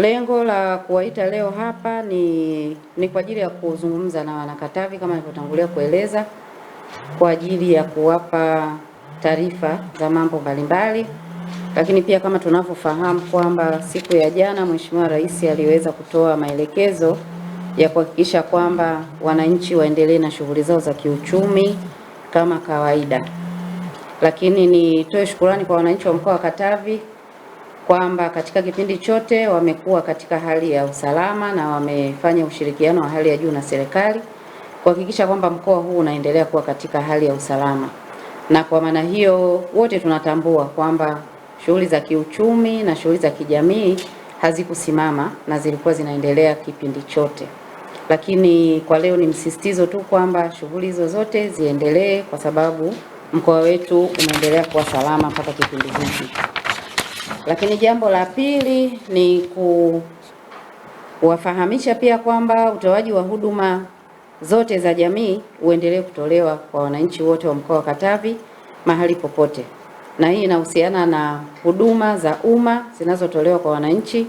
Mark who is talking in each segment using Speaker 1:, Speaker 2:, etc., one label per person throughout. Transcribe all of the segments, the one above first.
Speaker 1: Lengo la kuwaita leo hapa ni, ni kwa ajili ya kuzungumza na wanakatavi kama nilivyotangulia kueleza, kwa ajili ya kuwapa taarifa za mambo mbalimbali, lakini pia kama tunavyofahamu kwamba siku ya jana Mheshimiwa Rais aliweza kutoa maelekezo ya kuhakikisha kwamba wananchi waendelee na shughuli zao za kiuchumi kama kawaida, lakini nitoe shukurani kwa wananchi wa mkoa wa Katavi kwamba katika kipindi chote wamekuwa katika hali ya usalama na wamefanya ushirikiano wa hali ya juu na serikali kuhakikisha kwamba mkoa huu unaendelea kuwa katika hali ya usalama. Na kwa maana hiyo wote tunatambua kwamba shughuli za kiuchumi na shughuli za kijamii hazikusimama na zilikuwa zinaendelea kipindi chote, lakini kwa leo ni msisitizo tu kwamba shughuli hizo zote ziendelee, kwa sababu mkoa wetu unaendelea kuwa salama mpaka kipindi hiki. Lakini jambo la pili ni ku kuwafahamisha pia kwamba utoaji wa huduma zote za jamii uendelee kutolewa kwa wananchi wote wa mkoa wa Katavi mahali popote, na hii inahusiana na huduma za umma zinazotolewa kwa wananchi,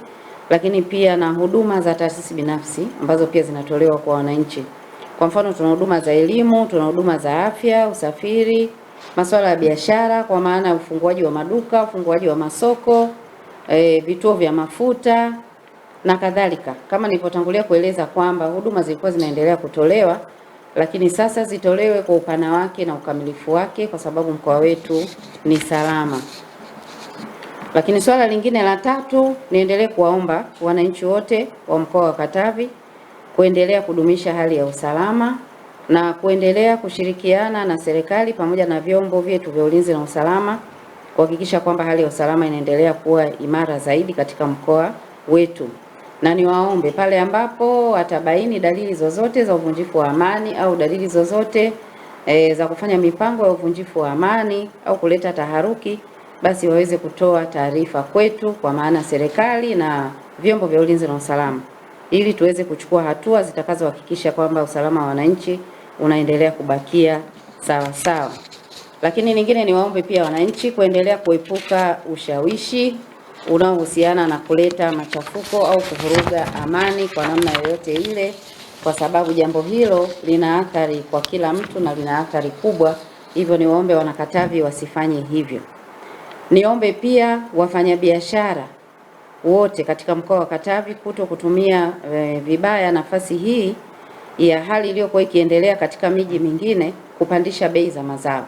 Speaker 1: lakini pia na huduma za taasisi binafsi ambazo pia zinatolewa kwa wananchi. Kwa mfano, tuna huduma za elimu, tuna huduma za afya, usafiri masuala ya biashara kwa maana ya ufunguaji wa maduka, ufunguaji wa masoko, e, vituo vya mafuta na kadhalika. Kama nilivyotangulia kueleza kwamba huduma zilikuwa zinaendelea kutolewa, lakini sasa zitolewe kwa upana wake na ukamilifu wake, kwa sababu mkoa wetu ni salama. Lakini swala lingine la tatu, niendelee kuwaomba wananchi wote wa mkoa wa Katavi kuendelea kudumisha hali ya usalama na kuendelea kushirikiana na serikali pamoja na vyombo vyetu vya ulinzi na usalama kuhakikisha kwamba hali ya usalama inaendelea kuwa imara zaidi katika mkoa wetu, na niwaombe pale ambapo watabaini dalili zozote za uvunjifu wa amani au dalili zozote e, za kufanya mipango ya uvunjifu wa amani au kuleta taharuki, basi waweze kutoa taarifa kwetu, kwa maana serikali na vyombo vya ulinzi na usalama, ili tuweze kuchukua hatua zitakazohakikisha kwamba usalama wa wananchi unaendelea kubakia sawa sawa. Lakini ni niwaombe pia wananchi kuendelea kuepuka ushawishi unaohusiana na kuleta machafuko au kuvuruga amani kwa namna yoyote ile, kwa sababu jambo hilo lina athari kwa kila mtu na lina athari kubwa. Hivyo niwaombe Wanakatavi wasifanye hivyo. Niombe pia wafanyabiashara wote katika mkoa wa Katavi kuto kutumia e, vibaya nafasi hii ya hali iliyokuwa ikiendelea katika miji mingine kupandisha bei za mazao.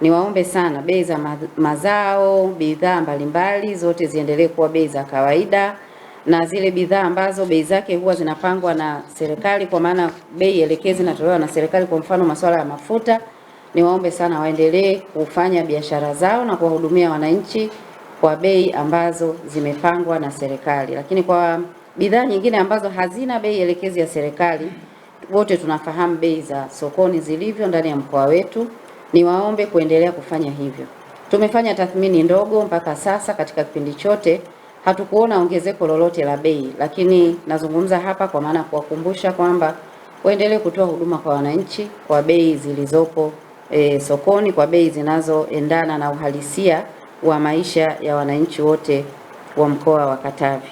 Speaker 1: Niwaombe sana bei za mazao, bidhaa mbalimbali zote ziendelee kuwa bei za kawaida na zile bidhaa ambazo bei zake huwa zinapangwa na serikali, kwa maana bei elekezi inatolewa na serikali, kwa mfano masuala ya mafuta, niwaombe sana waendelee kufanya biashara zao na kuwahudumia wananchi kwa bei ambazo zimepangwa na serikali. Lakini kwa bidhaa nyingine ambazo hazina bei elekezi ya serikali wote tunafahamu bei za sokoni zilivyo ndani ya mkoa wetu, niwaombe kuendelea kufanya hivyo. Tumefanya tathmini ndogo mpaka sasa, katika kipindi chote hatukuona ongezeko lolote la bei, lakini nazungumza hapa kwa maana kuwakumbusha kwamba waendelee kutoa huduma kwa wananchi kwa bei zilizopo e, sokoni kwa bei zinazoendana na uhalisia wa maisha ya wananchi wote wa mkoa wa Katavi.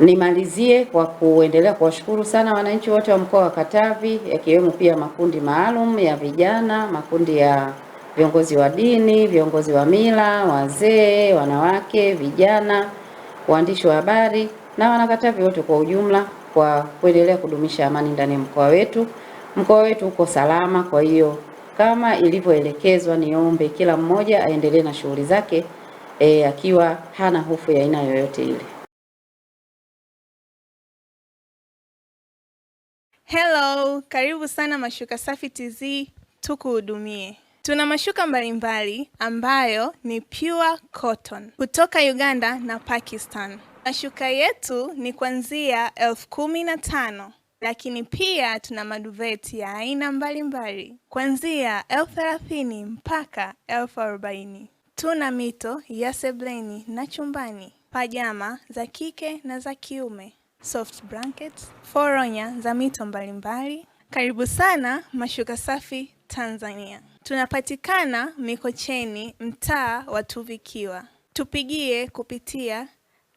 Speaker 1: Nimalizie kwa kuendelea kuwashukuru sana wananchi wote wa mkoa wa Katavi, yakiwemo pia makundi maalum ya vijana, makundi ya viongozi wa dini, viongozi wa mila, wazee, wanawake, vijana, waandishi wa habari na wanakatavi wote kwa ujumla kwa kuendelea kudumisha amani ndani ya mkoa wetu. Mkoa wetu uko salama, kwa hiyo kama ilivyoelekezwa, niombe kila mmoja aendelee na shughuli zake e, akiwa hana hofu ya aina yoyote ile.
Speaker 2: Hello, karibu sana Mashuka Safi TZ, tukuhudumie. Tuna mashuka mbalimbali ambayo ni pure cotton kutoka Uganda na Pakistan. Mashuka yetu ni kuanzia elfu kumi na tano lakini pia tuna maduveti ya aina mbalimbali kuanzia elfu thelathini mpaka elfu arobaini. Tuna mito ya sebleni na chumbani, pajama za kike na za kiume soft blankets, foronya za mito mbalimbali. Karibu sana Mashuka Safi Tanzania. Tunapatikana Mikocheni, mtaa wa Tuvikiwa. Tupigie kupitia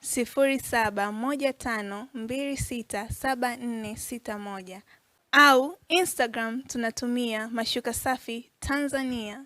Speaker 2: 0715267461 au Instagram tunatumia Mashuka Safi Tanzania.